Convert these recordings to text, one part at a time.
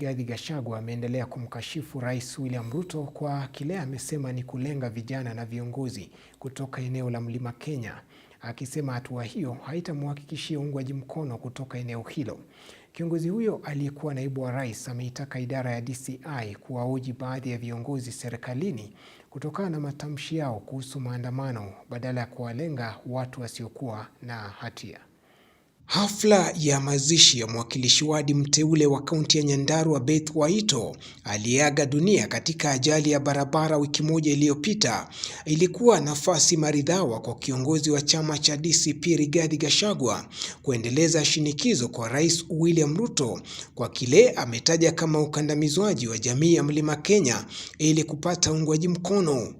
Rigathi Gachagua ameendelea kumkashifu Rais William Ruto kwa kile amesema ni kulenga vijana na viongozi kutoka eneo la Mlima Kenya, akisema hatua hiyo haitamhakikishia uungwaji mkono kutoka eneo hilo. Kiongozi huyo aliyekuwa naibu wa rais ameitaka idara ya DCI kuwahoji baadhi ya viongozi serikalini kutokana na matamshi yao kuhusu maandamano badala ya kuwalenga watu wasiokuwa na hatia. Hafla ya mazishi ya mwakilishi wadi mteule wa kaunti ya Nyandarua Beth Waito aliyeaga dunia katika ajali ya barabara wiki moja iliyopita ilikuwa nafasi maridhawa kwa kiongozi wa chama cha DCP Rigathi Gachagua kuendeleza shinikizo kwa Rais William Ruto kwa kile ametaja kama ukandamizwaji wa jamii ya Mlima Kenya ili kupata uungwaji mkono.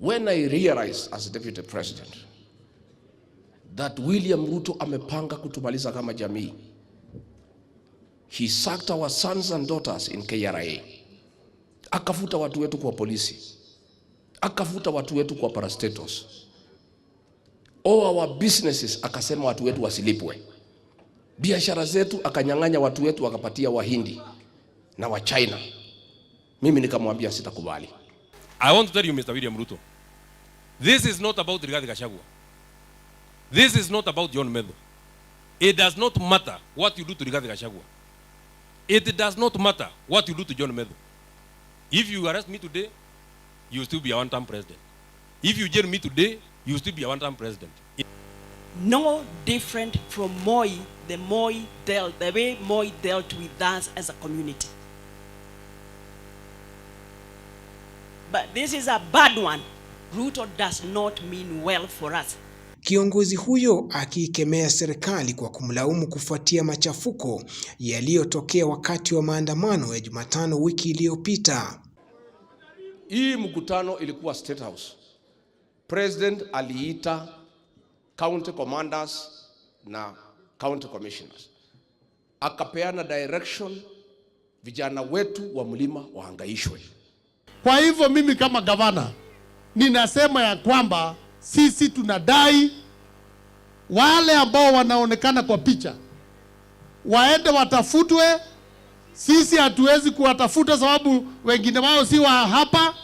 When I realize as deputy president that William Ruto amepanga kutumaliza kama jamii. He sacked our sons and daughters in KRA. Akafuta watu wetu kwa polisi, akafuta watu wetu kwa parastatos, all our businesses. Akasema watu wetu wasilipwe biashara zetu, akanyang'anya watu wetu, akapatia Wahindi na wa china Mimi nikamwambia sitakubali. I want to tell you Mr. William Ruto, this is not about Rigathi Gachagua. This is not about John Medo. It does not matter what you do to Rigathi Gachagua. It does not matter what you do to John Medo. If you arrest me today, you'll still be a one-time president. If you jail me today, you'll still be a one-time president. No different from Moi, the Moi dealt, the way Moi dealt with us as a community. But this is a bad one. Ruto does not mean well for us. Kiongozi huyo akiikemea serikali kwa kumlaumu kufuatia machafuko yaliyotokea wakati wa maandamano ya Jumatano wiki iliyopita. Hii mkutano ilikuwa State House. President aliita county commanders na county commissioners, akapeana direction vijana wetu wa mlima waangaishwe Kwa hivyo mimi kama gavana ninasema ya kwamba sisi tunadai wale ambao wanaonekana kwa picha waende watafutwe. Sisi hatuwezi kuwatafuta sababu wengine wao si wa hapa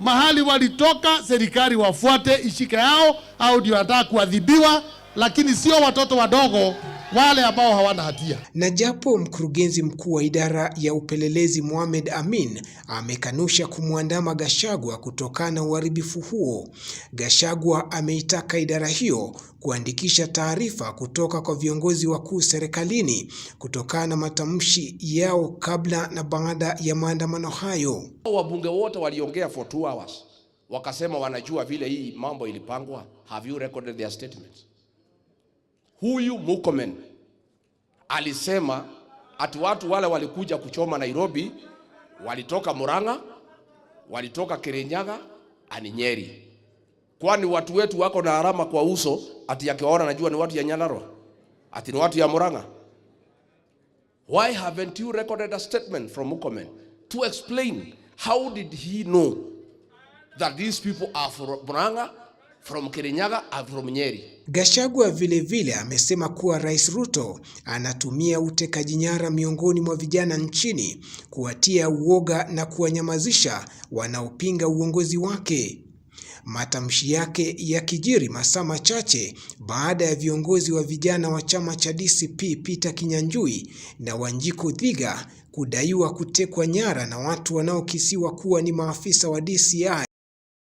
mahali walitoka. Serikali wafuate ishike yao au ndio wanataka kuadhibiwa, lakini sio watoto wadogo wale ambao hawana hatia. Na japo mkurugenzi mkuu wa idara ya upelelezi Mohamed Amin amekanusha kumwandama Gachagua kutokana na uharibifu huo, Gachagua ameitaka idara hiyo kuandikisha taarifa kutoka kwa viongozi wakuu serikalini kutokana na matamshi yao kabla na baada ya maandamano hayo. Wabunge wote waliongea for two hours, wakasema wanajua vile hii mambo ilipangwa. Have you recorded their statements? Huyu Mukomen alisema ati watu wale walikuja kuchoma Nairobi walitoka Murang'a, walitoka Kirinyaga ani Nyeri. Kwani watu wetu wako na alama kwa uso ati yakiwaona najua ni watu ya Nyandarua, ati ni watu ya Murang'a. Why haven't you recorded a statement from Mukomen to explain how did he know that these people are from Murang'a from Kirinyaga and from Nyeri. Gachagua vilevile amesema kuwa Rais Ruto anatumia utekaji nyara miongoni mwa vijana nchini kuwatia uoga na kuwanyamazisha wanaopinga uongozi wake. Matamshi yake yakijiri masaa machache baada ya viongozi wa vijana wa chama cha DCP Peter Kinyanjui na Wanjiku Thiga kudaiwa kutekwa nyara na watu wanaokisiwa kuwa ni maafisa wa DCI.